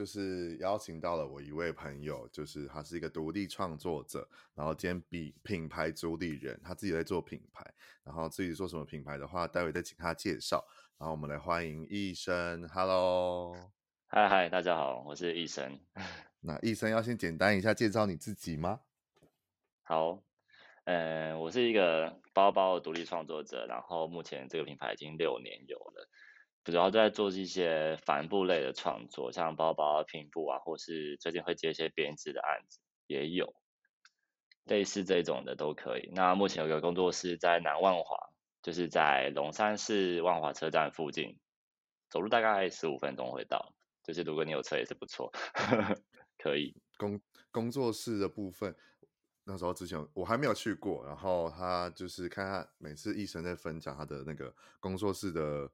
就是邀請到了我一位朋友，就是他是一個獨立創作者，然後兼比品牌主理人，他自己在做品牌，然後至於做什麼品牌的話，待會再請他介紹。然後我們來歡迎義昇，Hello，嗨嗨，hi, hi, 大家好，我是義昇。那義昇要先簡單一下介紹你自己嗎？好，呃，我是一個包包的獨立創作者，然後目前這個品牌已經六年有了。主要在做一些帆布類的創作，像包包、啊、拼布啊，或是最近會接一些編織的案子也有，類似這種的都可以。那目前有個工作室在南萬華，就是在龍山市萬華車站附近，走路大概十五分鐘會到。就是如果你有車也是不錯，可以。工工作室的部分，那時候之前我還沒有去過，然後他就是看他每次義昇在分享他的那個工作室的。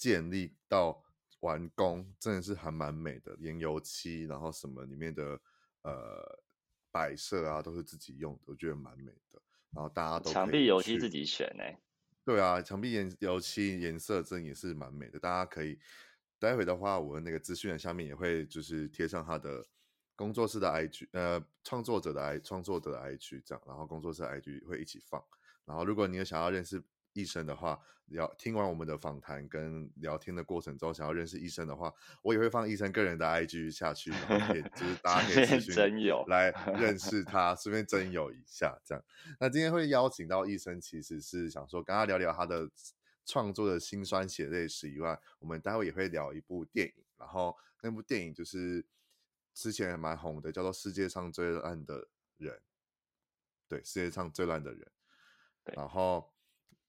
建立到完工真的是還蠻美的，連油漆，然後什麼裡面的呃擺設啊，都是自己用，我覺得蠻美的。然後大家都牆壁油漆自己選呢？對啊，牆壁顏油漆顏色真也是蠻美的。大家可以待會的話，我們那個資訊欄下面也會就是貼上他的工作室的 IG，呃，創作者的 I 創作者的 IG 這樣，然後工作室的 IG 會一起放。然後如果你有想要認識。義昇的話，聊聽完我們的訪談跟聊天的過程中，想要認識義昇的話，我也會放義昇個人的 IG 下去，然後也就是大家可以去真友來認識他， 真有笑順便真友一下這樣。那今天會邀請到義昇，其實是想說跟他聊聊他的創作的辛酸血淚史以外，我們待會也會聊一部電影，然後那部電影就是之前還蠻紅的，叫做《世界上最爛的人》，對，《世界上最爛的人》對，然後。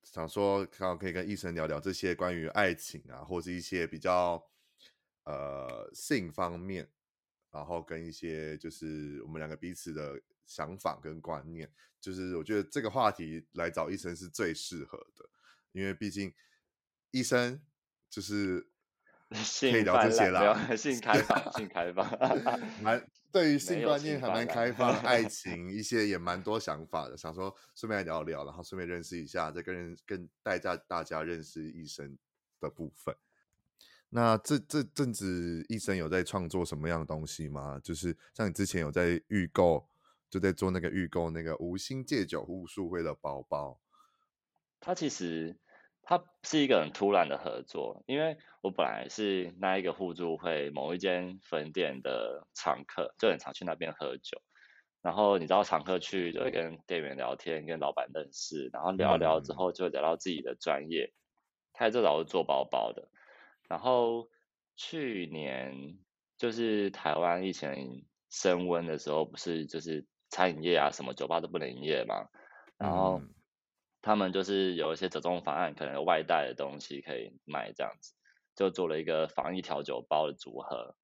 想說剛好可以跟義昇聊聊這些關於愛情啊，或者是一些比較呃性方面，然後跟一些就是我們兩個彼此的想法跟觀念，就是我覺得這個話題來找義昇是最適合的，因為畢竟義昇就是性可以聊這些啦，性開放，性開放，哈 哈。 對於性觀念還蠻開放，情愛情一些也蠻多想法的。 想說順便聊聊，然後順便認識一下，再跟人跟帶帶大，大家認識義昇的部分。那這這陣子義昇有在創作什麼樣的東西嗎？就是像你之前有在預購，就在做那個預購那個無心戒酒互助會的包包，它其實。它是一個很突然的合作，因為我本來是那一個互助會某一間分店的常客，就很常去那邊喝酒。然後你知道常客去就會跟店員聊天，嗯、跟老闆認識，然後聊聊之後就會聊到自己的專業，他也是老是做包包的。然後去年就是台灣疫情升溫的時候，不是就是餐飲業啊，什麼酒吧都不能營業嘛，然後。他們就是有一些折中方案，可能外帶的東西可以賣，這樣子就做了一個防疫調酒包的組合。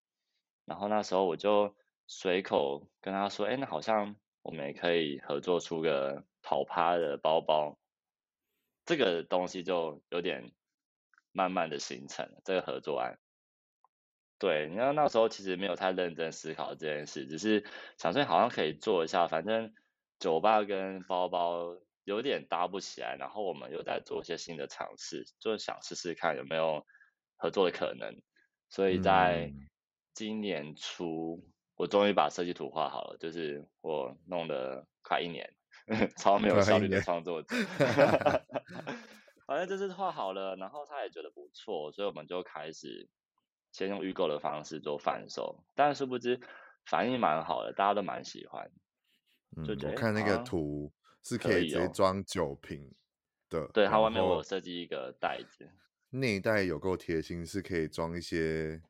然後那時候我就隨口跟他說：“哎、欸，那好像我們也可以合作出個跑趴的包包。”這個東西就有點慢慢的形成了這個合作案。對，你看那時候其實沒有太認真思考這件事，只是想說好像可以做一下，反正酒吧跟包包。有點搭不起來，然後我們又在做一些新的嘗試，就是想試試看有沒有合作的可能。所以在今年初，嗯、我終於把設計圖畫好了，就是我弄了快一年，超沒有效率的創作者。一 反正就是畫好了，然後他也覺得不錯，所以我們就開始先用預購的方式做販售，但殊不知反應蠻好的，大家都蠻喜歡。就覺得嗯，哎、我看那個圖。是可以直接裝酒瓶的，哦、對，它外面我有設計一個袋子，內袋有夠貼心，是可以裝一些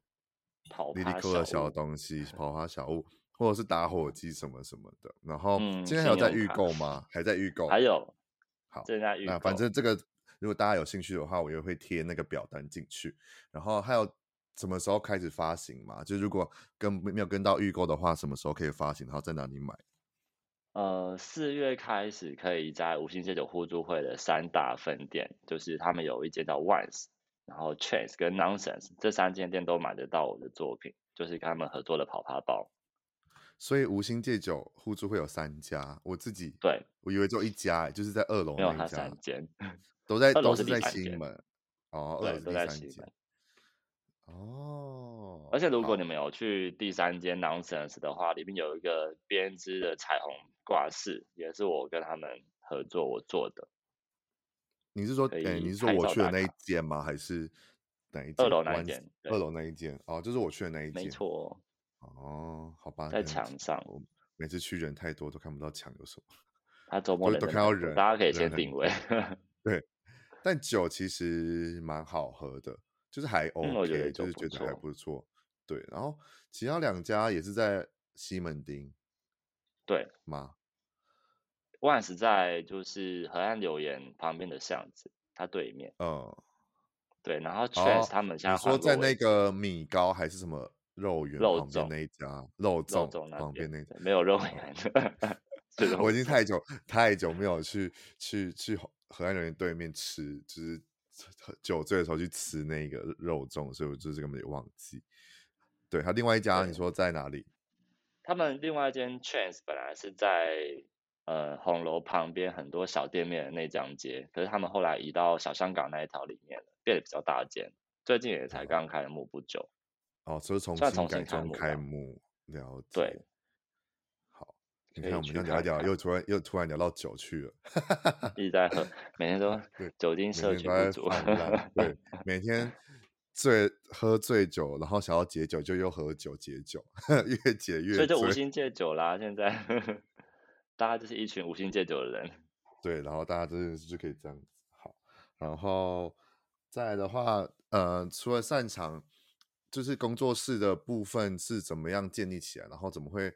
滴滴扣扣的小東西、跑花小物，或者是打火機什麼什麼的。然後、嗯、現在有在預購嗎？還在預購？還有，好，現在，在預購。那反正這個，如果大家有興趣的話，我也會貼那個表單進去。然後還有什麼時候開始發行嘛？就如果跟沒有跟到預購的話，什麼時候可以發行？然後在哪裡買？呃，四月開始可以在無心戒酒互助會的三大分店，就是他們有一間叫 Once，然後 Chance 跟 Nonsense 這三間店都買得到我的作品，就是跟他們合作的跑趴包。所以無心戒酒互助會有三家，我自己對，我以為就一家。欸，就是在二樓那家，沒有三，三間都在，都是在西門， 哦，二樓都在西門。哦，而且如果你沒有去第三間 Nonsense 的話，裡面有一個編織的彩虹掛飾，也是我跟他們合作我做的。你是說，哎，你是說我去的那一間嗎？還是哪一間？二樓那一間。二樓那一間，哦，就是我去的那一間。沒錯。哦，好吧。在牆上，每次去人太多都看不到牆有什麼。他週末都看到人。大家可以先定位。對，但酒其實蠻好喝的。就是還 OK，嗯、就，就是覺得還不錯，對。然後其他兩家也是在西門町，對嗎？萬是在就是河岸留言旁邊的巷子，它對面。哦、嗯。對，然後 Trans 他們像、哦、說在那個米糕還是什麼肉圓旁邊那家，肉粽，肉粽旁邊那家沒有肉圓的。 我已經太久太久沒有去去去河岸留言對面吃，就是。酒醉的時候去吃那個肉粽，所以我就這個也忘記。對，還有另外一家對你說在哪裡？他們另外一間 chains 本來是在呃紅樓旁邊很多小店面的內江街，可是他們後來移到小香港那一條裡面了，變得比較大間。最近也才剛開幕不久。嗯、哦，所以從新重新改裝開幕，了解。對。看看你看，我們這聊一聊，又突然又突然聊到酒去了 ，一直在喝，每天都酒精攝入對， 對，每天醉喝醉酒， 然後想要解酒，就又喝酒解酒，越解越，這就無心戒酒啦。現在大家就是一群無心戒酒的人，對，然後大家這件事就可以這樣子好。然後再來的話，呃，除了擅長，就是工作室的部分是怎麼樣建立起來，然後怎麼會？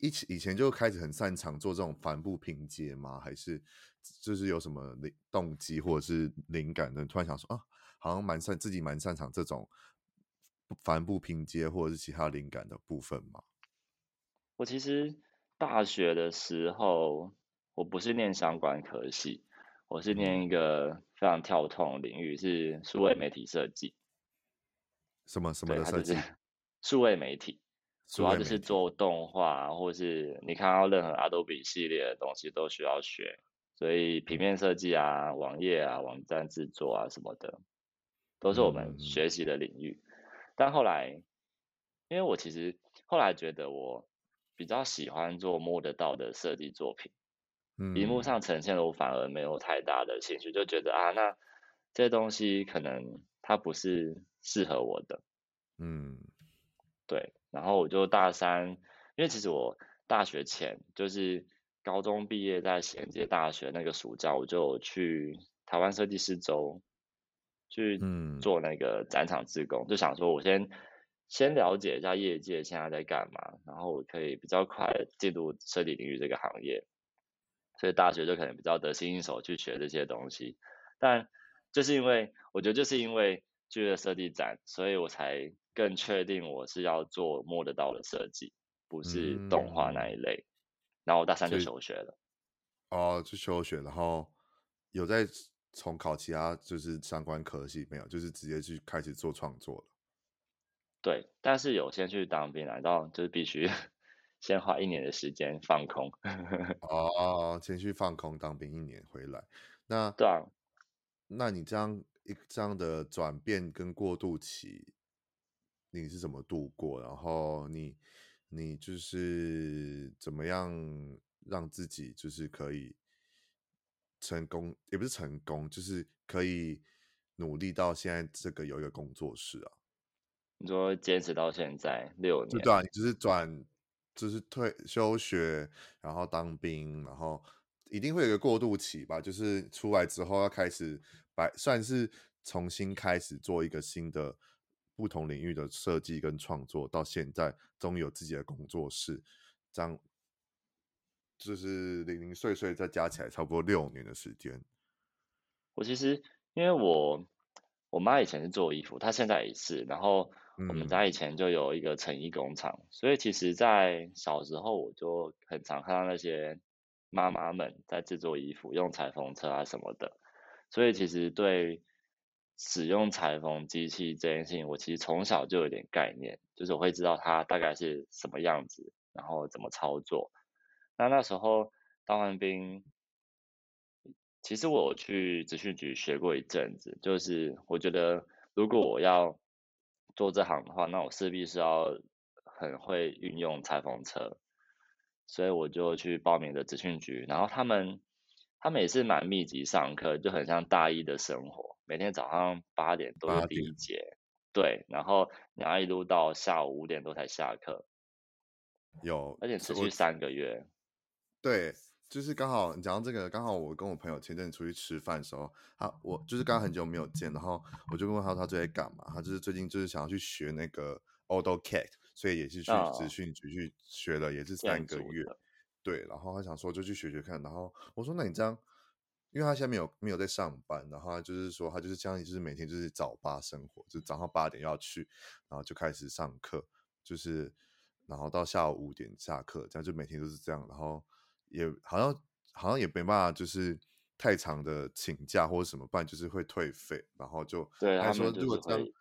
一以前就開始很擅長做這種帆布拼接嗎？還是就是有什麼靈動機，或者是靈感，突然想說啊，好像蠻擅自己蠻擅長這種帆布拼接，或者是其他靈感的部分嗎？我其實大學的時候，我不是念相關科系，我是念一個非常跳痛的領域，是數位媒體設計、嗯。什麼什麼的設計？數位媒體。主要就是做動畫，或是你看到任何 Adobe 系列的東西都需要學，所以平面設計啊、網頁啊、網站制作啊什麼的，都是我們學習的領域。但後來，因爲我其實後來覺得我比較喜歡做摸得到的設計作品，嗯，屏幕上呈現的我反而沒有太大的興趣，就覺得啊，那這東西可能它不是適合我的，嗯，對。然後我就大三，因為其實我大學前就是高中畢業，在銜接大學那個暑假，我就去台灣設計師周去做那個展場志工，嗯、就想說我先先了解一下業界現在在幹嘛，然後我可以比較快進入設計領域這個行業，所以大學就可能比較得心應手去學這些東西，但就是因為我覺得就是因為去設計展，所以我才。更確定我是要做摸得到的設計，不是動畫那一類。嗯、然後我大三就休學了。哦，就休學，然後有在重考其他就是相關科系沒有，就是直接去開始做創作了。對，但是有先去當兵來，然後就是必須先花一年的時間放空 哦？哦，先去放空當兵一年回來。那對啊，那你這樣一這樣的轉變跟過渡期。你是怎麼度過？然後你，你就是怎麼樣讓自己就是可以成功，也不是成功，就是可以努力到現在這個有一個工作室啊。你說堅持到現在六年，就轉、對啊、就是轉就是退休學，然後當兵，然後一定會有一個過渡期吧？就是出來之後要開始算是重新開始做一個新的。不同領域的設計跟創作，到現在終於有自己的工作室，這樣就是零零碎碎再加起來，差不多六年的時間。我其實因為我我媽以前是做衣服，她現在也是，然後我們家以前就有一個成衣工廠，嗯、所以其實，在小時候我就很常看到那些媽媽們在製作衣服，用裁縫車啊什麼的，所以其實對。使用裁縫機器這件事情，我其實從小就有點概念，就是我會知道它大概是什麼樣子，然後怎麼操作。那那時候當完兵，其實我去職訓局學過一陣子，就是我覺得如果我要做這行的話，那我勢必是要很會運用裁縫車，所以我就去報名了職訓局，然後他們他們也是蠻密集上課，就很像大一的生活。每天早上八點都要第一節，點對，然後然後一路到下午五點多才下課，有，而且持續三個月，對，就是剛好你講到這個，剛好我跟我朋友前陣子出去吃飯的時候，啊，我就是剛很久沒有見，然後我就問問他他最近在幹嘛，他就是最近就是想要去學那個 AutoCAD，所以也是去職訓局去學了，也是三個月，嗯、對，然後他想說就去學學看，然後我說那你這樣。因為他現在沒有沒有在上班，然後他就是說他就是這樣，就是每天就是早八生活，就早上八點要去，然後就開始上課，就是然後到下午五點下課，這樣就每天都是這樣。然後也好像好像也沒辦法，就是太長的請假或者什麼辦，就是會退費。然後就還對說如果這樣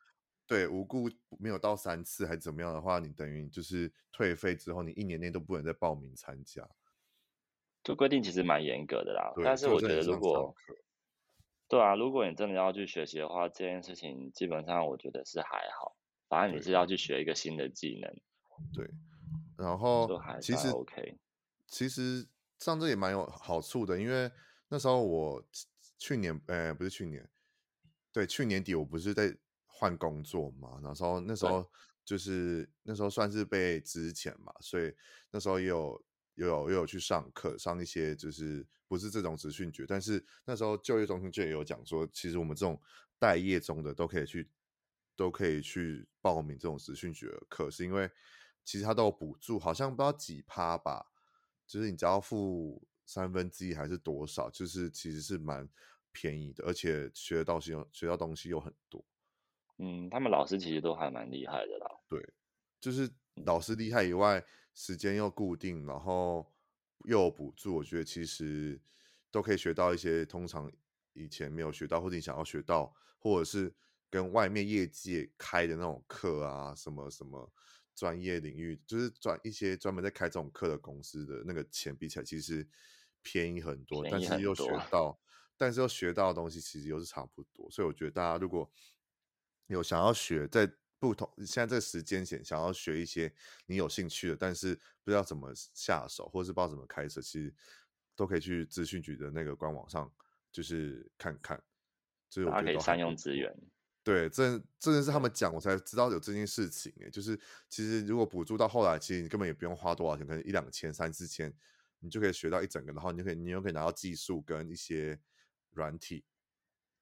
對無故沒有到三次還是怎麼樣的話，你等於就是退費之後，你一年內都不能再報名參加。這規定其實蠻嚴格的啦，對但是我覺得如果，如果對啊，如果你真的要去學習的話，這件事情基本上我覺得是還好，反正你是要去學一個新的技能，對，然後還還、OK、其實其實上這也蠻有好處的，因為那時候我去年、呃、不是去年，對，去年底我不是在換工作嘛，那時候那時候就是對那時候算是被資遣嘛，所以那時候也有。又有又有，有去上課，上一些就是不是這種職訓局，但是那時候就業中心就也有講說，其實我們這種待業中的都可以去，都可以去報名這種職訓局的課，可是因為其實他都有補助，好像不知道幾趴吧，就是你只要付三分之一還是多少，就是其實是蠻便宜的，而且學到學學到東西又很多。嗯，他們老師其實都還蠻厲害的啦。對，就是老師厲害以外。時間又固定，然後又有補助，我覺得其實都可以學到一些通常以前沒有學到，或者你想要學到，或者是跟外面業界開的那種課啊，什麼什麼專業領域，就是轉一些專門在開這種課的公司的那個錢比起來，其實便宜很多，很多，但是又學到，但是又學到的東西其實又是差不多，所以我覺得大家如果有想要學，在。不同，現在這個時間想想要學一些你有興趣的，但是不知道怎麼下手，或者是不知道怎麼開始，其實都可以去資訊局的那個官網上，就是看看。就是我還可以善用資源。對，這這件事他們講，我才知道有這件事情。哎，就是其實如果補助到後來，其實你根本也不用花多少錢，可能一兩千、三四千，你就可以學到一整個，然後你可以，你又可以拿到技術跟一些軟體，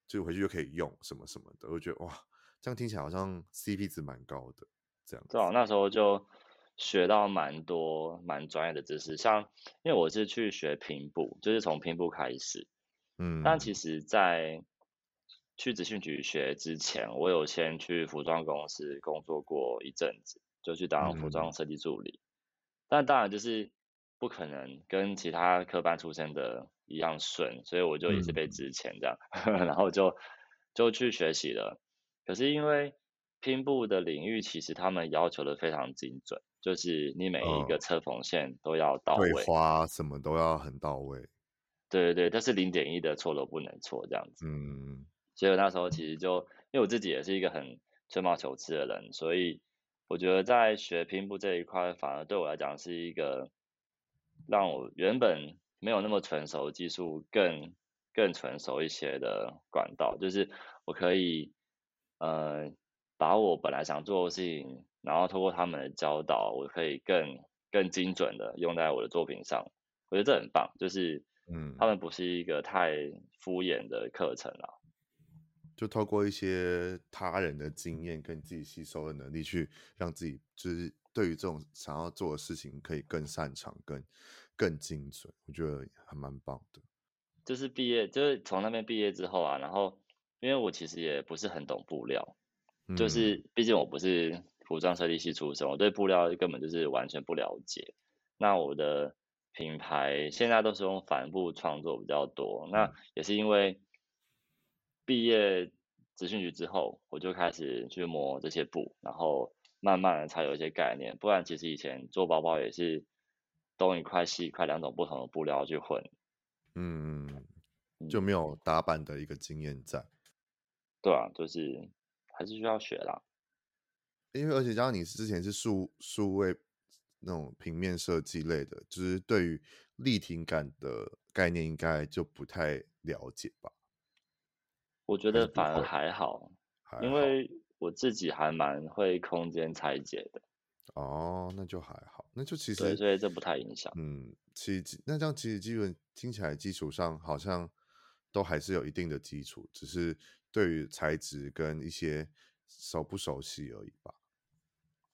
就回去就可以用什麼什麼的。我覺得哇。這樣聽起來好像 CP 值，蠻高的，這樣對啊、嗯。那時候就學到蠻多蠻專業的知識，像因為我是去學拼布，就是從拼布開始，嗯。但其實，在去職訓局學之前，我有先去服裝公司工作過一陣子，就去當服裝設計助理。嗯、但當然就是不可能跟其他科班出身的一樣順，所以我就一直被之前這樣，嗯、 然後就就去學習了。可是因為拼布的領域，其實他們要求的非常精準，就是你每一個車縫線都要到位，嗯、花什麼都要很到位。對對對，但是零點一的錯都不能錯，這樣子。嗯。所以我那時候其實就，因為我自己也是一個很吹毛求疵的人，所以我覺得在學拼布這一塊，反而對我來講是一個讓我原本沒有那麼成熟的技術更更成熟一些的管道，就是我可以。呃，把我本來想做的事情，然後通過他們的教導，我可以更更精準的用在我的作品上。我覺得這很棒，就是，嗯，他們不是一個太敷衍的課程了，啊嗯。就透過一些他人的經驗跟自己吸收的能力，去讓自己就是對於這種想要做的事情可以更擅長、更更精準。我覺得還蠻棒的。就是畢業，就是從那邊畢業之後啊，然後。因為我其實也不是很懂布料，嗯、就是畢竟我不是服裝設計系出身，我對布料根本就是完全不了解。那我的品牌現在都是用帆布創作比較多，那也是因為畢業資訊局之後，我就開始去摸這些布，然後慢慢的才有一些概念。不然其實以前做包包也是，東一塊、西一塊兩種不同的布料去混，嗯，就沒有打版的一個經驗在。對啊，就是還是需要學啦，因為而且加上你之前是數數位那種平面設計類的，就是對於立體感的概念應該就不太了解吧？我覺得反而還好，還好因為我自己還蠻會空間拆解的。哦，那就還好，那就其實對，所以這不太影響。嗯，其實那這樣其實基本聽起來基礎上好像都還是有一定的基礎，只是。對於材質跟一些熟不熟悉而已吧，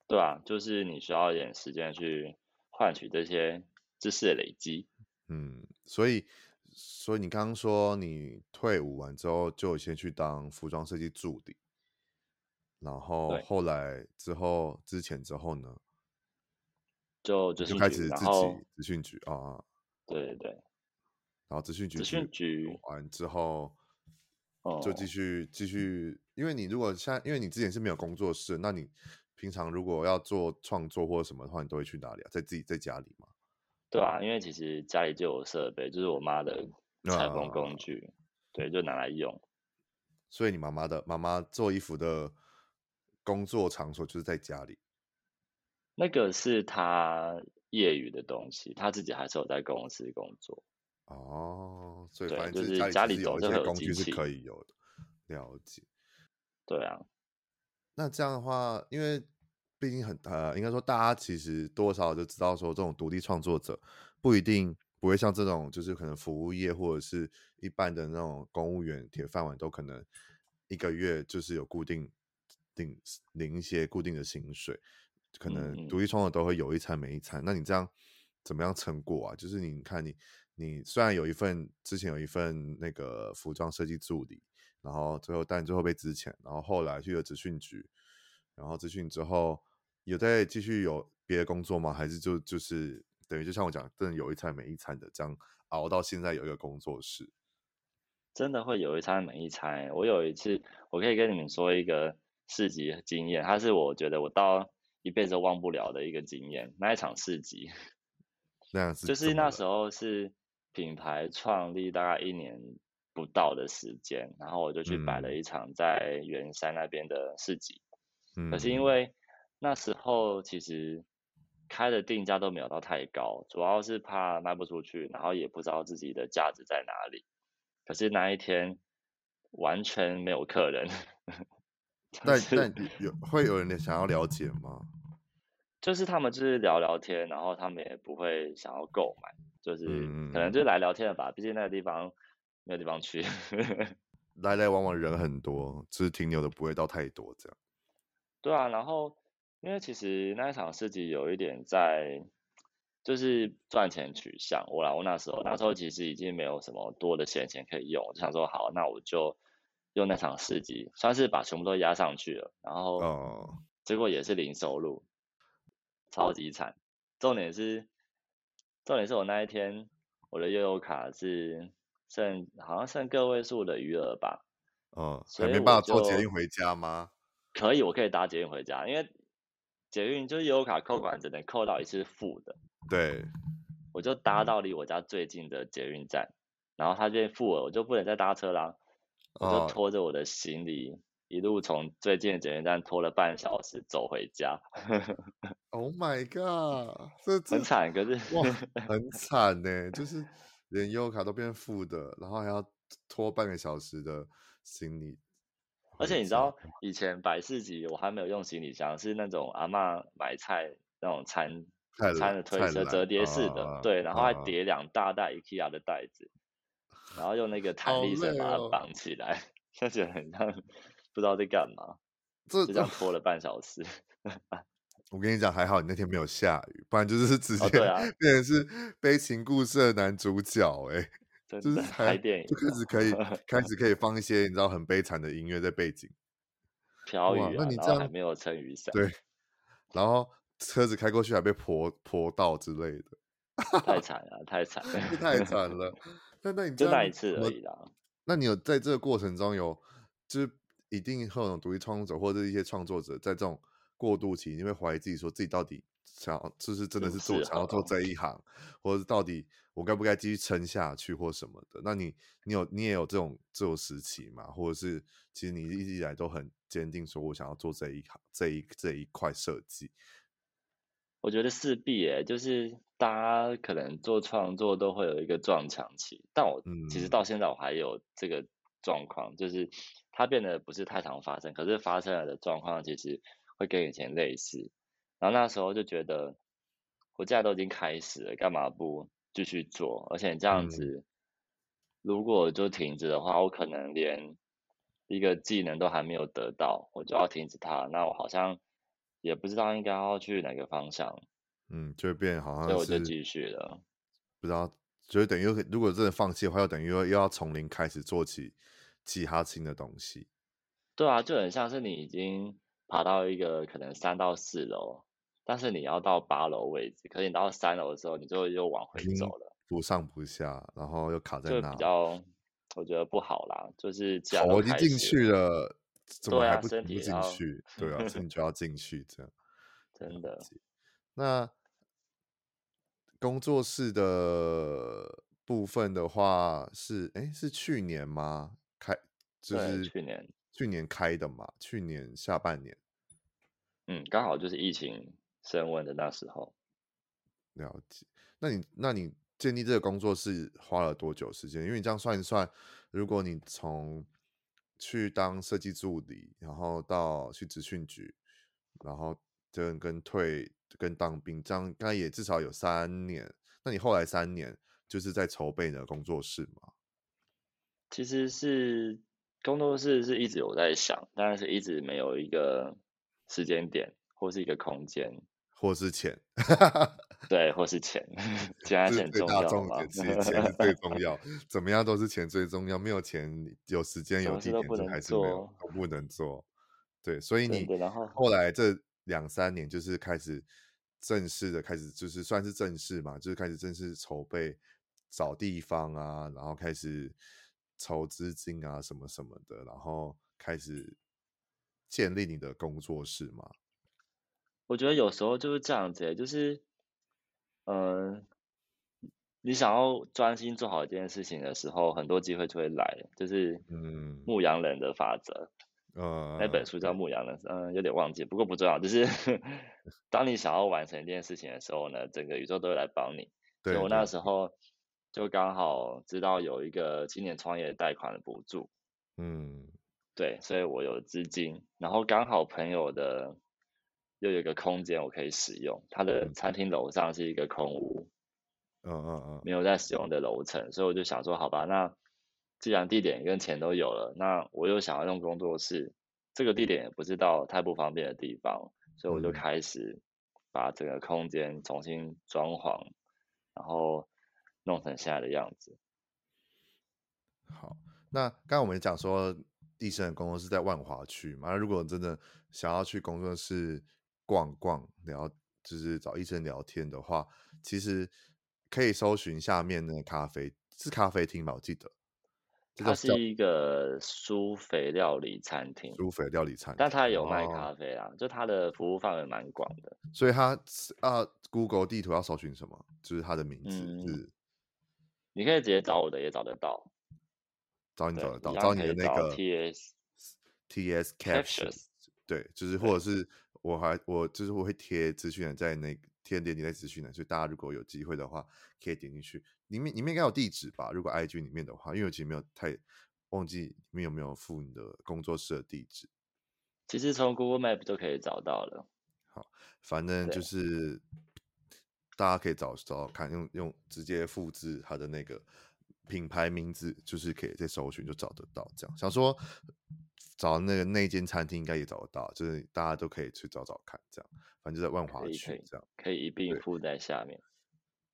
對啊，就是你需要一點時間去換取這些知識的累積。嗯，所以，所以你剛剛說你退伍完之後就先去當服裝設計助理，然後後來之後對之前之後呢，就就開始自己後資訊局啊，對，對對，然後資訊局資訊局完之後，就繼續繼續，因為你如果像，因為你之前是沒有工作室，那你平常如果要做創作或什麼的話，你都會去哪裡啊？在自己在家裡嗎？對啊，嗯、因為其實家裡就有設備，就是我媽的裁縫工具，嗯嗯嗯嗯嗯、對，就拿來用。所以你媽媽的媽媽做衣服的工作場所就是在家裡？那個是她業餘的東西，她自己還是有在公司工作。哦，所以反正就是家裡是有一些工具是可以有的，了解，對啊。那這樣的話，因為畢竟很呃，應該說大家其實多少就知道說，這種獨立創作者不一定不會像這種，就是可能服務業或者是一般的那種公務員鐵飯碗，都可能一個月就是有固定領領一些固定的薪水，可能獨立創作都會有一餐沒一餐，嗯嗯，那你這樣怎麼樣撐過啊？就是你看你。你雖然有一份之前有一份那個服裝設計助理，然後最後但最後被資遣，然後後來去了資訊局，然後資訊之後有在繼續有別的工作嗎？還是就就是等於就像我講，真的有一餐沒一餐的這樣熬到現在有一個工作室，真的會有一餐沒一餐。我有一次我可以跟你們說一個市集經驗，它是我覺得我到一輩子都忘不了的一個經驗，那一場市集， 那樣子就是那時候是。品牌創立大概一年不到的時間，然後我就去擺了一場在圓山那邊的市集。嗯、可是因為那時候其實開的定價都沒有到太高，主要是怕賣不出去，然後也不知道自己的價值在哪裡。可是那一天完全沒有客人。 就是但是會有人想要了解嗎？就是他們就是聊聊天，然後他們也不會想要購買，就是、嗯、可能就是來聊天的吧。畢竟那個地方沒有地方去， 來來往往人很多，只是停留的不會到太多這樣。對啊，然後因為其實那一場市集有一點在就是賺錢取向，我啦，我那時候那時候其實已經沒有什麼多的閒錢可以用，就想說好，那我就用那場市集，算是把全部都壓上去了，然後、哦、結果也是零收入。超級慘，重點是，重點是我那一天我的悠遊卡是剩，好像剩個位數的餘額吧。哦，所以沒辦法坐捷運回家嗎？可以，我可以搭捷運回家，因為捷運就是悠遊卡扣款只能扣到一次負的。對，我就搭到離我家最近的捷運站，然後它變負了，我就不能再搭車啦，哦、我就拖着我的行李。一路從最近的檢驗站拖了半小時走回家呵呵，Oh my god，這真慘！哇可是很慘呢， 就是連優卡都變負的，然後還要拖半個小時的行李。而且你知道，以前百事級我還沒有用行李箱，是那種阿嬤買菜那種餐藍餐的推車，藍折疊式的，啊、對，然後還疊兩大袋 IKEA 的袋子，啊、然後用那個彈力繩把它綁起來，看起來很像。不知道在幹嘛，就這樣拖了半小時。我跟你講，還好你那天沒有下雨，不然就是直接變成是悲情故事的男主角。哎，就是拍電影開始可以開始可以放一些你知道很悲慘的音樂在背景。飄雨，那你這樣還沒有撐雨傘，對，然後車子開過去還被潑潑到之類的，太慘了，太慘了，太慘了。那那你就那一次而已啦。那你有在這個過程中有就是？一定會有獨立創作者或者一些創作者在這種過渡期，你會懷疑自己，說自己到底想要就是真的是做是想要做這一行，是或者是到底我該不該繼續撐下去或什麼的。那你你有你也有這種這種時期嘛？或者是其實你一直以來都很堅定，說我想要做這一行這一這一塊設計。我覺得勢必哎、欸，就是大家可能做創作都會有一個撞牆期，但我、嗯、其實到現在我還有這個。狀況就是它變得不是太常發生，可是發生了的狀況其實會跟以前類似。然後那時候就覺得，我現在都已經開始了，幹嘛不繼續做？而且這樣子，如果我就停止的話，嗯、我可能連一個技能都還沒有得到，我就要停止它。那我好像也不知道應該要去哪個方向。嗯，就變好像是我就就繼續了，不知道。就等於如果真的放棄的話，又等於又要從零開始做起其他新的東西。對啊，就很像是你已經爬到一個可能三到四樓，但是你要到八樓位置，可是你到三樓的時候，你就又往回走了，不上不下，然後又卡在那。就比較，我覺得不好啦，就是。我一進去了，怎麼還不進去？對啊，你就要、啊、要進去， 這樣。真的。那。工作室的部分的話是，哎，是去年嗎？開就是去年，去年開的嘛，去年下半年，嗯，剛好就是疫情升溫的那時候。了解，那你那你建立這個工作室花了多久時間？因為你這樣算一算，如果你從去當設計助理，然後到去職訓局，然後跟跟退。跟當兵這樣，應該也至少有三年。那你後來三年就是在籌備你的工作室嗎？其實是工作室是一直有在想，但是一直沒有一個時間點，或是一個空間，或是錢。 對，或是錢，錢最重要嘛，重點是錢最重要， 怎麼樣都是錢最重要。沒有錢，有時間有地點還是沒有，不能做。 對，所以你後來這。兩三年就是開始正式的開始，就是算是正式嘛，就是開始正式籌備找地方啊，然後開始籌資金啊，什麼什麼的，然後開始建立你的工作室嘛。我覺得有時候就是這樣子，就是，嗯，你想要專心做好一件事情的時候，很多機會就會來，就是嗯，牧羊人的法則。嗯 Uh, uh, 那本書叫《牧羊人》，嗯，有點忘記，不過不重要。就是 當你想要完成一件事情的時候呢，整個宇宙都會來幫你。對，所以我那時候就剛好知道有一個青年創業貸款的補助，嗯，um, 對，所以我有資金，然後剛好朋友的又有一個空間我可以使用，他的餐廳樓上是一個空屋，嗯嗯嗯，沒有在使用的樓層，所以我就想說，好吧，那。既然地點跟錢都有了，那我就想要用工作室，這個地點也不是到太不方便的地方，所以我就開始把整個空間重新裝潢，然後弄成現在的樣子。好，那剛我們講說義昇的工作室在萬華區嘛，那如果真的想要去工作室逛逛，聊，就是找義昇聊天的話，其實可以搜尋下面那個咖啡是咖啡廳嗎？我記得。它是一個舒肥料理餐廳，舒肥料理餐廳，但它有賣咖啡啊，哦、就它的服務範圍蠻廣的。所以它啊，Google 地圖要搜尋什麼？就是它的名字、嗯、是。你可以直接找我的，也找得到。找你找得到，你找，找你的那個找 TS TS Captious 對，就是或者是我還我就是我會貼資訊在那貼對點點資訊的，所以大家如果有機會的話，可以點進去。裡面裡面應該有地址吧？如果 IG 裡面的話，因為我其實沒有太忘記，裡面有沒有附你的工作室的地址？其實從 Google Map 都可以找到了。好，反正就是對大家可以找找，找看，用用直接複製它的那個品牌名字，就是可以在搜尋就找得到。這樣想說，找那個那間餐廳應該也找得到，就是大家都可以去找找看，這樣反正就在萬華區這樣，可可，可以一併附在下面。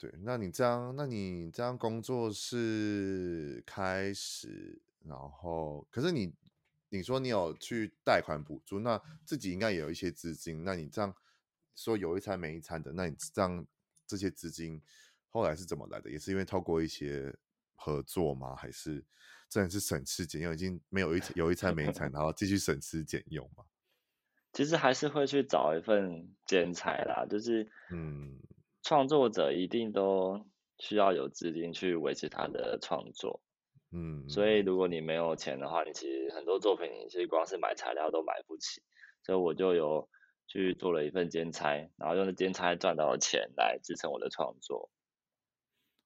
對，那你這樣，那你這樣工作是開始，然後可是你你說你有去貸款補助，那自己應該也有一些資金。那你這樣說有一餐沒一餐的，那你這樣這些資金後來是怎麼來的？也是因為透過一些合作嗎？還是真的是省吃儉用，已經沒有一 有一餐沒一餐，然後繼續省吃儉用嗎？其實還是會去找一份兼差啦，就是嗯。創作者一定都需要有資金去維持他的創作，嗯，所以如果你沒有錢的話，你其實很多作品你是光是買材料都買不起，所以我就有去做了一份兼差，然後用的兼差賺到的錢來支撐我的創作。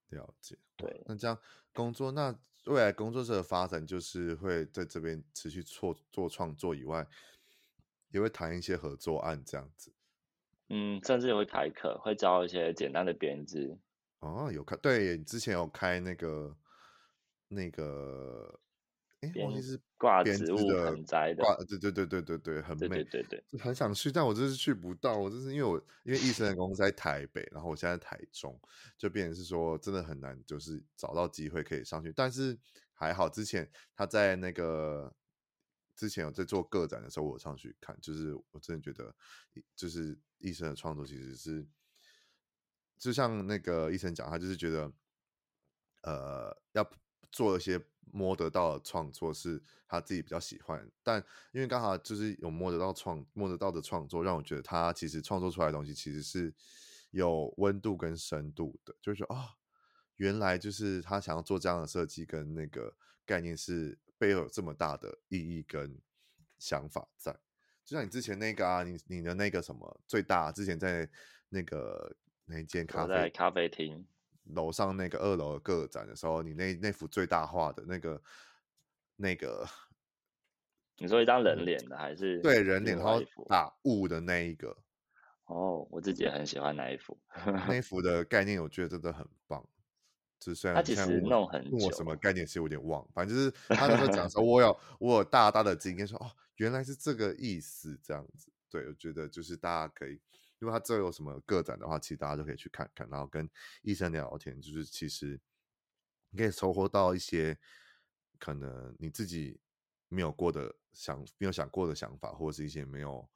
了解，對，那這樣工作，那未來工作室的發展就是會在這邊持續做做創作以外，也會談一些合作案這樣子。嗯，甚至會開課，會教一些簡單的編織。哦，有開，對，之前有開那個那個，哎，忘記是掛植物很災的，很摘的，對對對對對對，很美，對對，對，對，很想去，但我就是去不到，我就是因為我因為義昇的公司在台北， 然後我現在在台中，就變成是說真的很難，就是找到機會可以上去。但是還好之前他在那個。之前我在做個展的時候，我有上去看，就是我真的覺得，就是義昇的創作其實是，就像那個義昇講，他就是覺得，呃，要做一些摸得到的創作，是他自己比較喜歡。但因為剛好就是有摸得到創摸得到的創作，讓我覺得他其實創作出來的東西，其實是有溫度跟深度的。就是說哦，原來就是他想要做這樣的設計跟那個概念是。背後有這麼大的意義跟想法在，就像你之前那個啊，你你的那個什麼最大之前在那個那間咖啡在咖啡廳樓上那個二樓的個展的時候，你那那幅最大畫的那個那個，你說一張人臉的、嗯、還是,是對人臉，然後打霧的那一個？哦，oh, 我自己也很喜歡那一幅， 那一幅的概念我覺得真的很棒。就是雖然他其實問我什麼概念，是有點忘。反正就是他那時候講說， 我要我大大的經驗說哦，原來是這個意思，這樣子。對，我覺得就是大家可以，如果他這有什麼個展的話，其實大家都可以去看看，然後跟義昇聊聊天，就是其實你可以收穫到一些可能你自己沒有過的想沒有想過的想法，或者是一些沒有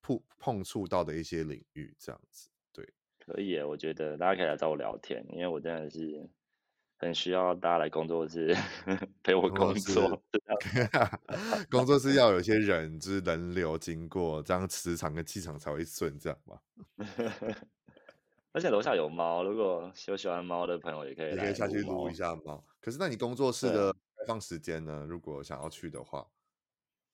碰碰觸到的一些領域，這樣子。可以耶，我覺得大家可以來找我聊天，因為我真的是很需要大家來工作室呵呵陪我工作。工作室要有些人，就是人流經過， 這樣磁場跟氣場才會順，這樣嘛。而且樓下有貓，如果有喜歡貓的朋友，也可以來也可以下去擼一下貓。可是那你工作室的放時間呢？對如果想要去的話，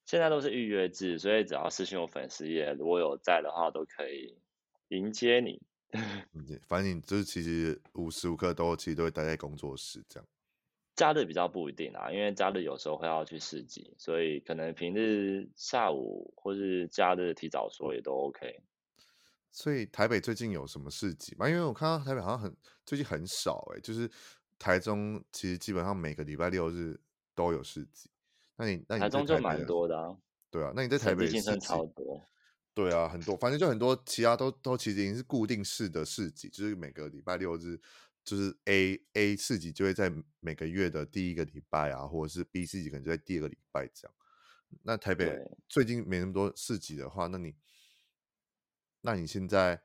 現在都是預約制，所以只要私信我粉絲頁，如果有在的話，都可以迎接你。反正就是其實無時無刻都其實都會待在工作室這樣， 假日比較不一定啊，因為假日有時候會要去市集，所以可能平日下午或是假日提早說也都 OK，嗯。所以台北最近有什麼市集嗎？因為我看到台北好像很最近很少，欸，哎，就是台中其實基本上每個禮拜六日都有市集。那你，那你台，台中就蠻多的啊。對啊，那你在台北超多。對啊，很多，反正就很多，其他都都其實已經是固定式的市集，就是每個禮拜六日、就是，就是 A A 市集就會在每個月的第一個禮拜啊，或者是 B 市集可能就在第二個禮拜這樣。那台北最近沒那麼多市集的話，對那你那你現在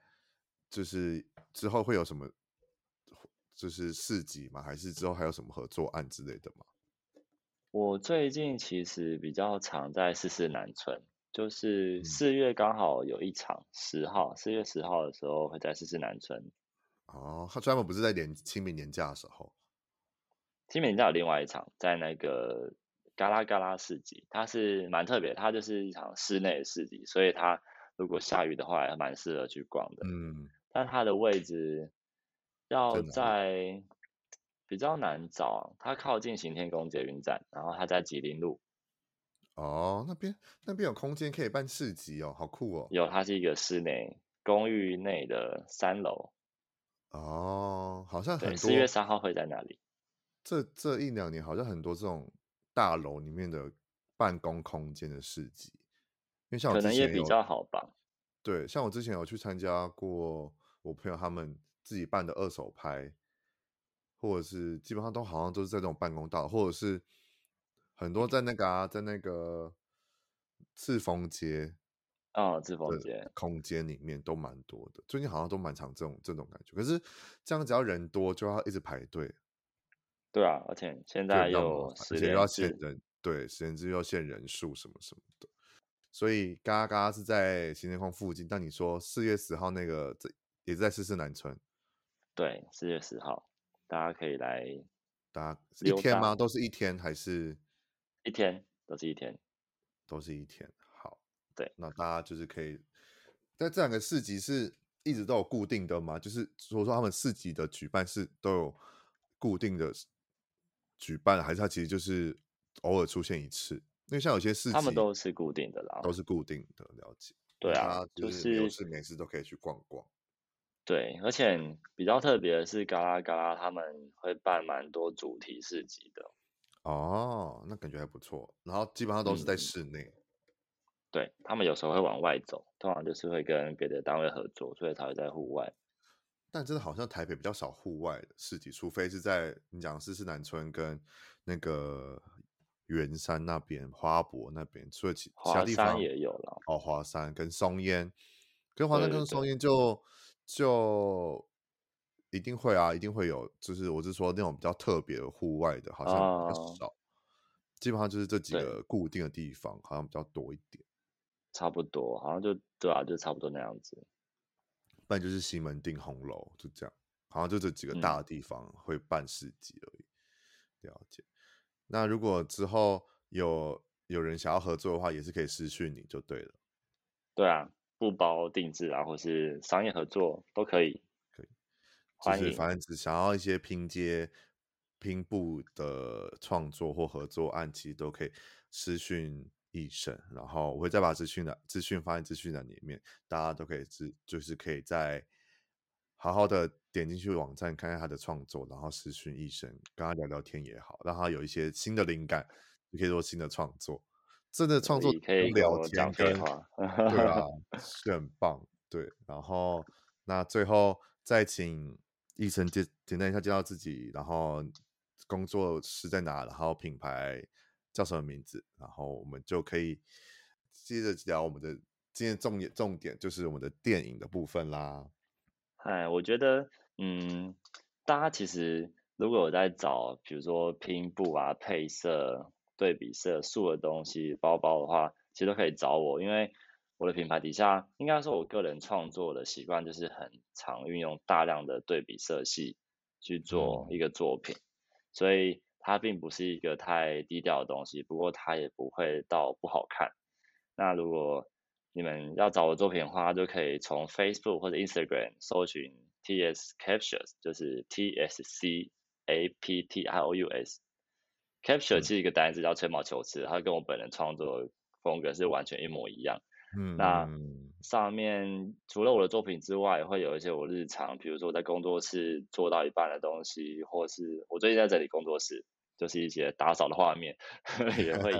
就是之後會有什麼就是市集嗎？還是之後還有什麼合作案之類的嗎？我最近其實比較常在四四南村。就是四月剛好有一場，十號，四、嗯、月十號的時候會在四四南村。哦，他專門不是在年清明年假的時候，清明年假有另外一場，在那個嘎啦嘎啦市集，它是蠻特別，它就是一場室內的市集，所以它如果下雨的話，還蠻適合去逛的。嗯，但它的位置要在比較難找、啊，它靠近行天宮捷運站，然後它在吉林路。哦，那邊那邊有空間可以辦市集哦，好酷哦！有，它是一個室內公寓內的三樓。哦，好像很多。四月三號會在哪裡？這這一兩年好像很多這種大樓裡面的辦公空間的市集，因為像我可能也比較好吧。對，像我之前有去參加過我朋友他們自己辦的二手拍，或者是基本上都好像都是在這種辦公大樓，或者是。很多在那個啊，在那個赤峰街啊，赤峰街空間裡面都蠻多的。哦、最近好像都蠻常這種這種感覺，可是這樣只要人多就要一直排隊，對啊，而且現在又時間又要限人，對，時間又要限人數什麼什麼的。所以，嘎嘎是在新天坊附近。但你說四月十號那個，這也是在四四南村，對，四月十號大家可以來大，大家，一天嗎？都是一天還是？一天都是一天，都是一天。一天好，對，那大家就是可以。那這兩個市集是一直都有固定的嗎？就是說他們市集的舉辦是都有固定的舉辦，還是他其實就是偶爾出現一次？因為像有些市集，他們都是固定的啦，都是固定的。了解。對啊，就是每次有事沒事都可以去逛逛。對，而且比較特別的是，嘎啦嘎啦，他們會辦蠻多主題市集的。哦，那感覺還不錯。然後基本上都是在室內，嗯、對他們有時候會往外走，通常就是會跟別的單位合作，所以才會在戶外。但真的好像台北比較少戶外的市集，除非是在你講的是是南村跟那個圓山那邊、花博那邊，所以其他地方也有了。哦，華山跟松菸，跟華山跟松菸就對對對就。就一定會啊，一定會有，就是我是說那種比較特別的戶外的，好像比較少，哦、基本上就是這幾個固定的地方對好像比較多一點，差不多，好像就對啊，就差不多那樣子，不然就是西門町紅樓就這樣，好像就這幾個大的地方會辦市集而已，嗯、了解。那如果之後有有人想要合作的話，也是可以私訊你就對了，對啊，不包定制啊，或是商業合作都可以。就是反正只想要一些拼接、拼布的創作或合作案，其實都可以私訊一聲，然後我會再把資訊的資訊放在資訊欄裡面，大家都可以知，就是可以再好好的點進去網站看看他的創作，然後私訊一聲跟他聊聊天也好，讓他有一些新的靈感，就可以做新的創作。真的創作可以聊天，對啊，是很棒，對。然後那最後再請。義昇，介簡單一下介紹自己，然後工作是在哪，然後品牌叫什麼名字，然後我們就可以接着聊我們的今天的重點重點，就是我們的電影的部分啦。哎，我覺得，嗯，大家其實如果有在找，比如說拼布啊、配色、對比色、素的東西、包包的話，其實都可以找我，因為。我的品牌底下，應該說我個人創作的習慣就是很常運用大量的對比色系去做一個作品，所以它並不是一個太低調的東西，不過它也不會到不好看。那如果你們要找我作品的話，就可以從 Facebook 或者 Instagram 搜尋 T S Captious，就是 T S C A P T I O U S。Captious 是一個單詞叫吹毛求疵，它跟我本人創作的風格是完全一模一樣。那上面除了我的作品之外，也會有一些我日常，比如說我在工作室做到一半的東西，或是我最近在這裡工作室，就是一些打掃的畫面 也會有，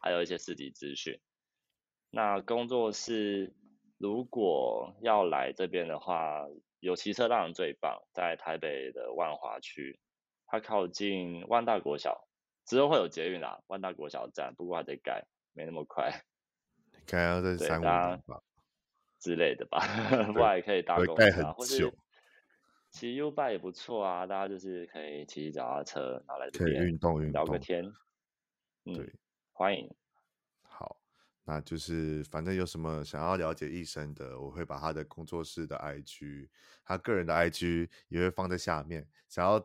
還有一些市集資訊。 那工作室如果要來這邊的話，有騎車當然最棒，在台北的萬華區，它靠近萬大國小，之後會有捷運啦，萬大國小站，不過還得改，沒那麼快。蓋要在三五吧之類的吧，不然 對可以打工啊。其實 YouBike 也不錯啊，大家就是可以騎腳踏車，車，拿來可以運動運動，聊個天。對，歡迎。好，那就是反正有什麼想要了解義昇的，我會把他的工作室的 IG，他個人的 IG 也會放在下面。想要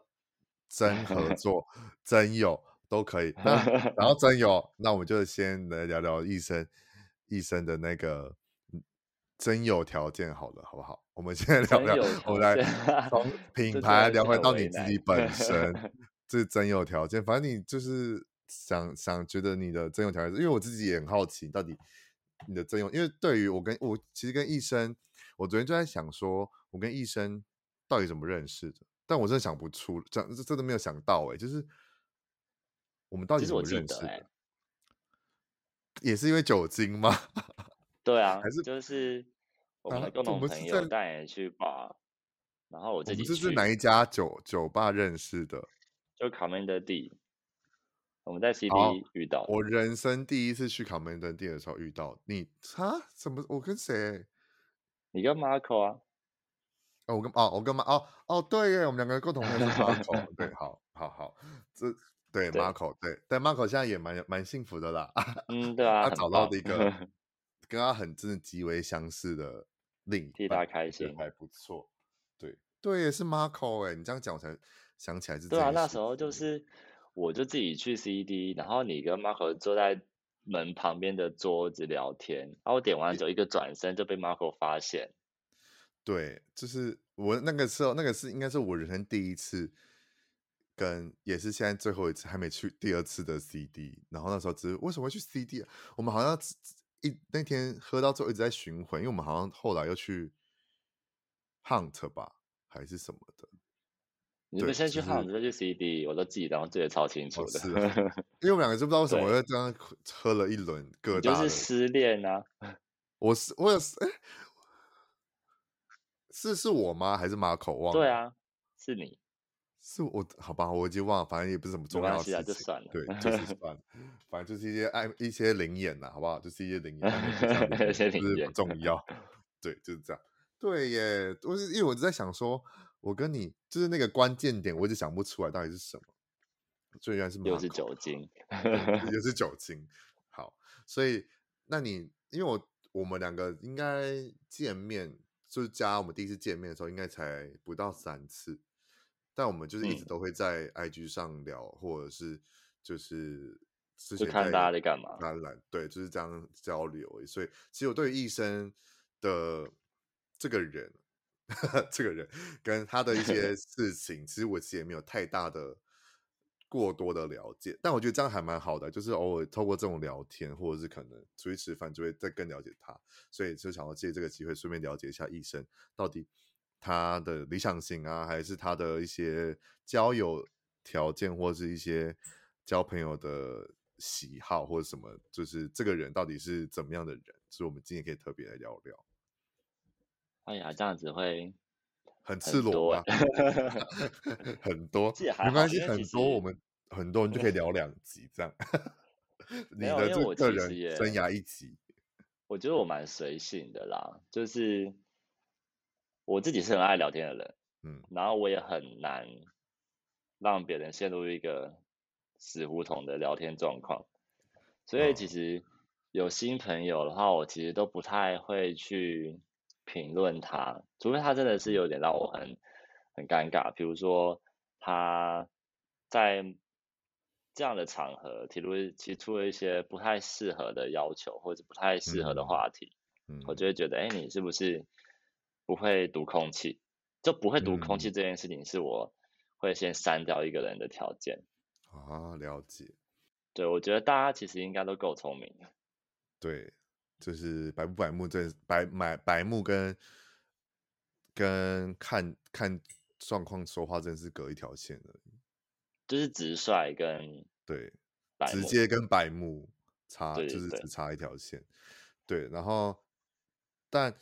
真合作、 真友都可以， 然後真友，那我們就先來聊聊義昇。義昇的那個真有條件好了，好不好？我們現在聊聊，啊、我們來從品牌 聊回到你自己本身，這 是真有條件。反正你就是想想覺得你的真有條件，因為我自己也很好奇，到底你的真有，因為對於我跟我其實跟義昇，我昨天就在想說，我跟義昇到底怎麼認識的？但我真的想不出，這這都沒有想到哎、欸，就是我們到底怎麼認識的？也是因為酒精嗎？對啊，還是就是我們的共同朋友帶人去吧。啊、然後我，我這是是哪一家酒酒吧認識的？就 Commander D，我們在 C D 好遇到。我人生第一次去 Commander D 的時候遇到你，他怎麼？我跟誰？你跟 Marco 啊，哦我跟？哦，我跟 co, 哦，我跟馬哦哦，對耶，我們兩個人共同朋友。哦， 對，好，好，好，這。對，對，Marco，對，但 Marco 現在也蠻蠻幸福的啦。嗯，對啊， 他找到了一個跟他很真的極為相似的另一半，替他開心，還不錯。對，對，也是 Marco，欸。哎，你這樣講我才想起來是。對啊，那時候就是，我就自己去 CD，然後你跟 Marco 坐在門旁邊的桌子聊天，然後我點完之後，一個轉身就被 Marco 發現。對，就是我那個時候，那個是應該是我人生第一次。跟也是現在最後一次還沒去第二次的 CD，然後那時候只是為什麼要去 CD 啊？我們好像一那天喝到最後一直在循環，因為我們好像後來又去 Hunt 吧，還是什麼的。你們先、就是、去 Hunt，再去 CD，我都記得，我記得超清楚的。哦是啊、因為我們兩個就不知道為什麼又這樣喝了一輪，個大就是失戀啊！我是我，是是是我嗎？還是馬口忘？對啊，是你。是我好吧，我已經忘了，反正也不是什麼重要的事情，對，啊、就了對，就是算了， 反正就是一些愛、哎、一些靈驗吶、啊，好不好？就是一些靈驗，這些靈驗重要， 對，就是這樣。對耶，我是因為我就在想說，我跟你就是那個關鍵點，我一直想不出來到底是什麼。最原來是又是酒精， 又是酒精。好，所以那你因為我我們兩個應該見面，就是加我們第一次見面的時候，應該才不到三次。但我們就是一直都會在 IG 上聊，嗯、或者是就是之前看大家在幹嘛，對，就是這樣交流。所以其實我對於義昇的這個人， 這個人跟他的一些事情， 其實我自己也沒有太大的、過多的了解。但我覺得這樣還蠻好的，就是偶爾透過這種聊天，或者是可能出去吃飯，就會再更了解他。所以就想要借這個機會，順便了解一下義昇到底。他的理想型啊，還是他的一些交友條件，或是一些交朋友的喜好，或者什麼？就是這個人到底是怎麼樣的人？所以我們今天可以特別來聊聊。哎呀，這樣子會很，很赤裸啊， 很多沒關係，很多我們很多人就可以聊兩集這樣。 你的因為我其實生涯一集，我， 我覺得我蠻隨性的啦，就是。我自己是很愛聊天的人，嗯，然後我也很難讓別人陷入一個死胡同的聊天狀況，所以其實有新朋友的話，我其實都不太會去評論他，除非他真的是有點讓我很很尷尬，譬如說他在這樣的場合提出提出了一些不太適合的要求或者不太適合的話題，嗯，嗯，我就會覺得，哎，欸，你是不是？不會讀空氣，就不會讀空氣這件事情是我會先刪掉一個人的條件、嗯、啊。了解，對，我覺得大家其實應該都夠聰明的。對，就是白不白目，白買白目跟跟看看狀況說話，真是隔一條線的。就是直率跟對，直接跟白目差，對就是只差一條線。對、對、對，然後但。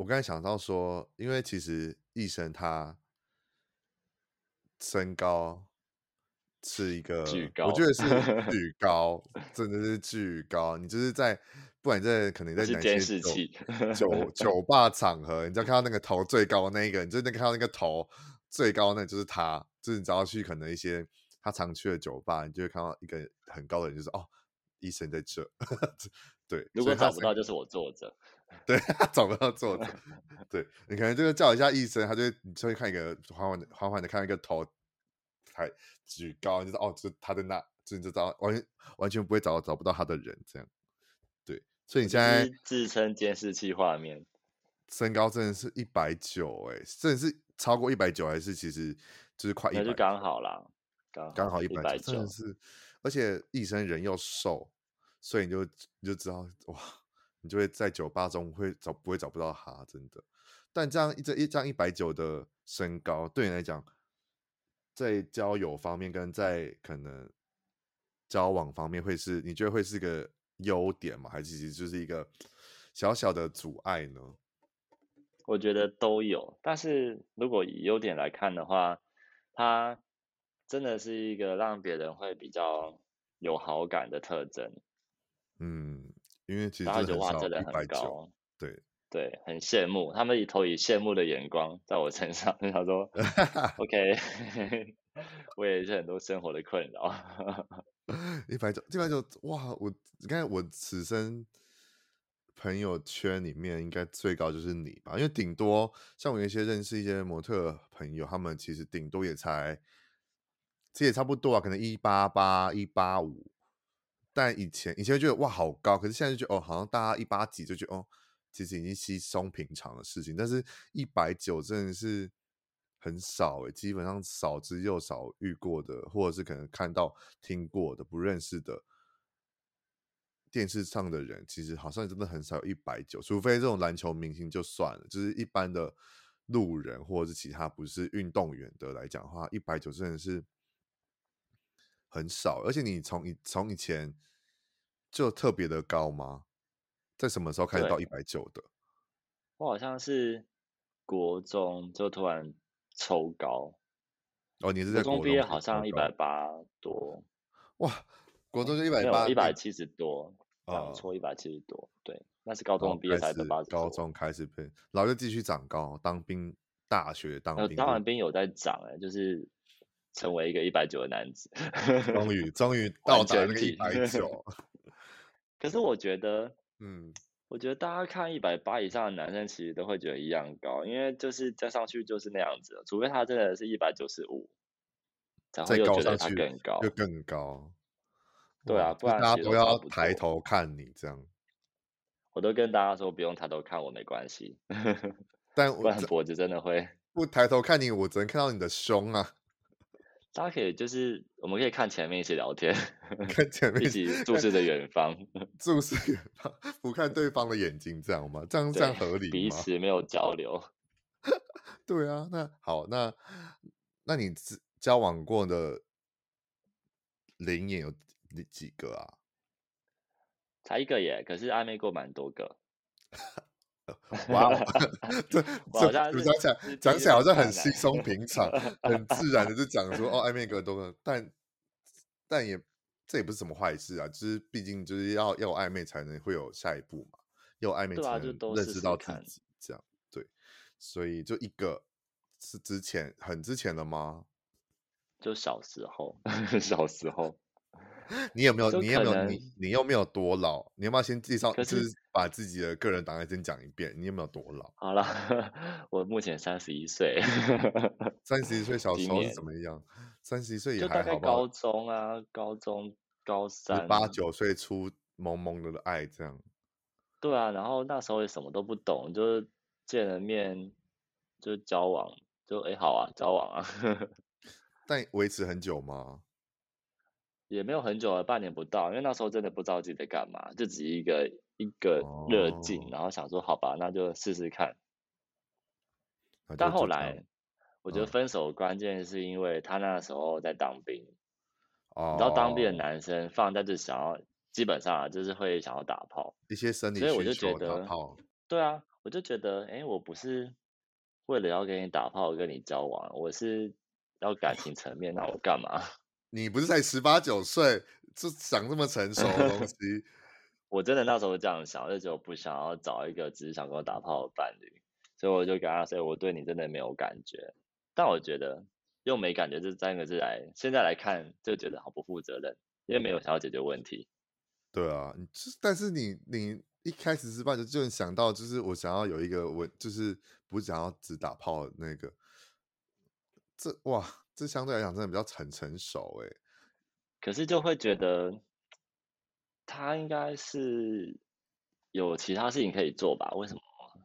我剛才想到說，因為其實義昇他身高是一個，巨高我覺得是巨高， 真的是巨高。你就是在不管在可能在哪些酒 酒、酒吧場合，你只要看到那個頭最高的那個，你真的看到那個頭最高的，那就是他。就是你只要去可能一些他常去的酒吧，你就會看到一個很高的人，就是哦。醫生在這，對。如果找不到，就是我坐着。 對， 找不到坐着。對， 你可能就是叫一下醫生，他就，你就會看一個緩緩的緩緩的看一個頭，抬舉高，你就知道哦，就他在那，就你就知道完全完全不會找找不到他的人這樣。對，所以你現在自稱監視器畫面，身高真的是一百九，哎，真的是超過一百九還是其實就是快一百就剛好啦，剛剛好一百九真而且義昇人又瘦，所以你就你就知道哇，你就會在酒吧中會找不會找不到他，真的。但這樣一這樣一百九的身高，對你來講，在交友方面跟在可能交往方面，會是你覺得會是一個優點嗎？還是其實就是一個小小的阻礙呢？我覺得都有，但是如果以優點來看的話，他。真的是一個讓別人會比較有好感的特徵，嗯，因為其實這的話真的很高，9, 對對，很羨慕，他們以投以羨慕的眼光在我身上，他說 ，OK， 我也是很多生活的困擾，一百九，一百九，哇，我你看我此生朋友圈裡面應該最高就是你吧，因為頂多像我那些認識一些模特朋友，他們其實頂多也才。其實也差不多啊，可能一八八、一八五，但以前以前就覺得哇好高，可是現在就覺得哦，好像大家一八幾就覺得哦，其實已經稀鬆平常的事情。但是一百九真的是很少哎，基本上少之又少遇過的，或者是可能看到聽過的不認識的電視上的人，其實好像真的很少有一百九，除非這種籃球明星就算了，就是一般的路人或者是其他不是運動員的來講的話，一百九真的是。很少，而且你從以從以前就特別的高嗎？在什麼時候開始到一百九的？我好像是國中就突然抽高。哦，你是在國中畢業好像一百八多。哇，國中就一百八，一百七十多。啊錯、嗯，一百七十多，對，嗯、那是高中畢業才是八十多。高中開始變，然後又繼續長高，當兵、大學當兵。當完兵有在長哎、欸，就是。成為一個一百九的男子，終於終於到達那個一百九。全 可是我覺得，嗯，我覺得大家看一百八以上的男生，其實都會覺得一樣高，因為就是站上去就是那樣子，除非他真的是一百九十五，才會覺得他更高，就更高。對啊哇，不然大家不要抬頭看你這樣。我都跟大家說，不用抬頭看我沒關係，但脖子真的會不抬頭看你，我只能看到你的胸啊。大家可以就是，我們可以看前面一起聊天，看前面 一起注視着遠方，注視遠方，不看對方的眼睛，這樣嗎？這樣對這樣合理嗎？彼此沒有交流。 對啊，那好，那那你交往過的，靈也有幾幾個啊？才一個耶，可是曖昧過蠻多個。 哇、哦，這這講起來講起來好像很稀鬆平常， 很自然的就講說哦，曖昧一個多個，但但也這也不是什麼壞事啊，就是畢竟就是要要有曖昧才能會有下一步嘛，要有曖昧才能認識到自己，這樣。對啊，試試看，對，所以就一個是之前很之前的嗎？就小時候，小時候。你有，有你有沒有？你有沒有？你你又沒有多老？你要不要先介紹，是就是把自己的個人檔案先講一遍？你有沒有多老？好了，我目前三十一歲。三十一歲，小時候是怎麼樣？三十一歲也還好吧？就大概高中啊，高中高三，十八九歲初萌萌的，的愛這樣。對啊，然後那時候也什麼都不懂，就是見了面就交往，就哎、欸、好啊，交往啊。 但維持很久嗎？也沒有很久了，半年不到，因為那時候真的不知道自己在幹嘛，就只是一個一個熱勁，哦、然後想說好吧，那就試試看。但後來，我覺得分手關鍵是因為他那時候在當兵。哦。你知道當兵的男生放在這想要，基本上就是會想要打炮。一些生理需求，所以我就覺得，炮對啊，我就覺得，誒、欸、我不是為了要跟你打炮跟你交往，我是要感情層面， 那我幹嘛？你不是才十八九歲，就想這麼成熟的東西？ 我真的那時候這樣想，那時候不想要找一個只是想跟我打炮的伴侶，所以我就跟他說：“我對你真的沒有感覺。”但我覺得“又沒感覺”這三個字來現在來看，就覺得好不負責任，因為沒有想要解決問題。對啊，但是你你一開始十八九就能想到就是我想要有一個我就是不想要只打炮的那個，這哇。是相對來講真的比較成成熟哎、欸，可是就會覺得他應該是有其他事情可以做吧？為什麼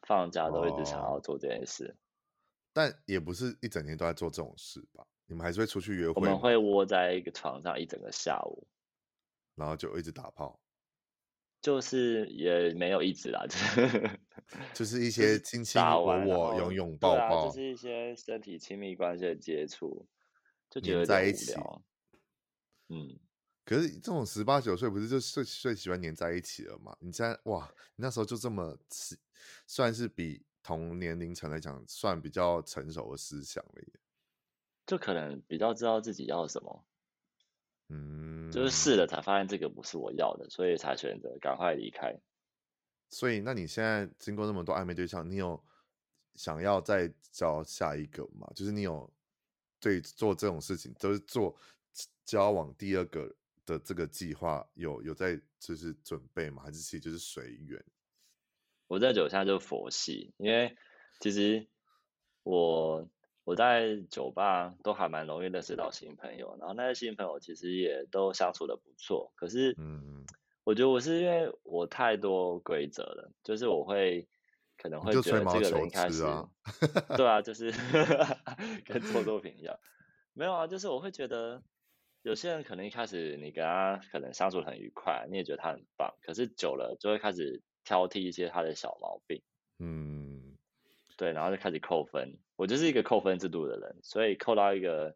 放假都一直想要做這件事？哦、但也不是一整天都在做這種事吧？你們還是會出去約會？我們會窩在一個床上一整個下午，然後就一直打炮，就是也沒有一直啊，就是、就是一些卿卿，我我、擁擁抱抱、啊，就是一些身體親密關係的接觸。就覺得、啊、黏在一起，嗯，可是這種十八九歲不是就最最喜歡黏在一起了嘛？你現在哇，你那時候就這麼是算是比同年齡層來講算比較成熟的思想了，耶。就可能比較知道自己要什麼，嗯，就是試了才發現這個不是我要的，所以才選擇趕快離開。所以，那你現在經過那麼多曖昧對象，你有想要再找下一個嗎？就是你有。對，做這種事情就是做交往第二個的這個計劃有，有有在就是準備嗎？還是其實就是隨緣？我，我在酒下就佛系，因為其實我我在酒吧都還蠻容易認識到新朋友，然後那些新朋友其實也都相處的不錯。可是，嗯，我覺得我是因為我太多規則了，就是我會。可能會覺得這個人開始，啊 對啊，就是 跟做作、作品一樣，沒有啊，就是我會覺得有些人可能一開始你跟他可能相處得很愉快，你也覺得他很棒，可是久了就會開始挑剔一些他的小毛病，嗯，對，然後就開始扣分。我就是一個扣分制度的人，所以扣到一個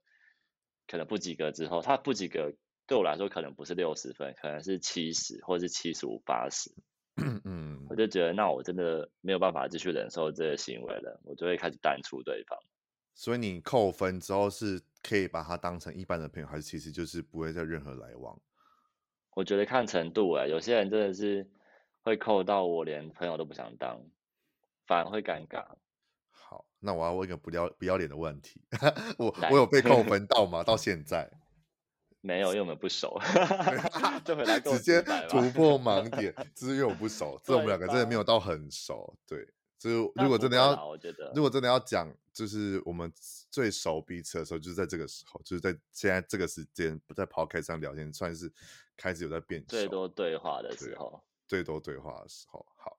可能不及格之後，他不及格對我來說可能不是六十分，可能是七十或者是七十五、八十。 嗯，我就覺得那我真的沒有辦法繼續忍受這些行為了，我就會開始淡出對方。所以你扣分之後是可以把他當成一般的朋友，還是其實就是不會再任何來往？我覺得看程度欸，有些人真的是會扣到我連朋友都不想當，反而會尷尬。好，那我要問一個不要不要臉的問題， 我我有被扣分到嗎？ 到現在。沒有，因為我們不熟，就回來直接突破盲點，只 是因為我不熟， 吧這我們兩個真的沒有到很熟。對，就如果真的要，我覺得如果真的要講，就是我們最熟彼此的時候，就是在這個時候，就是在現在這個時間不在 podcast 上聊天，算是開始有在變熟。最多對話的時候，最多對話的時候，好。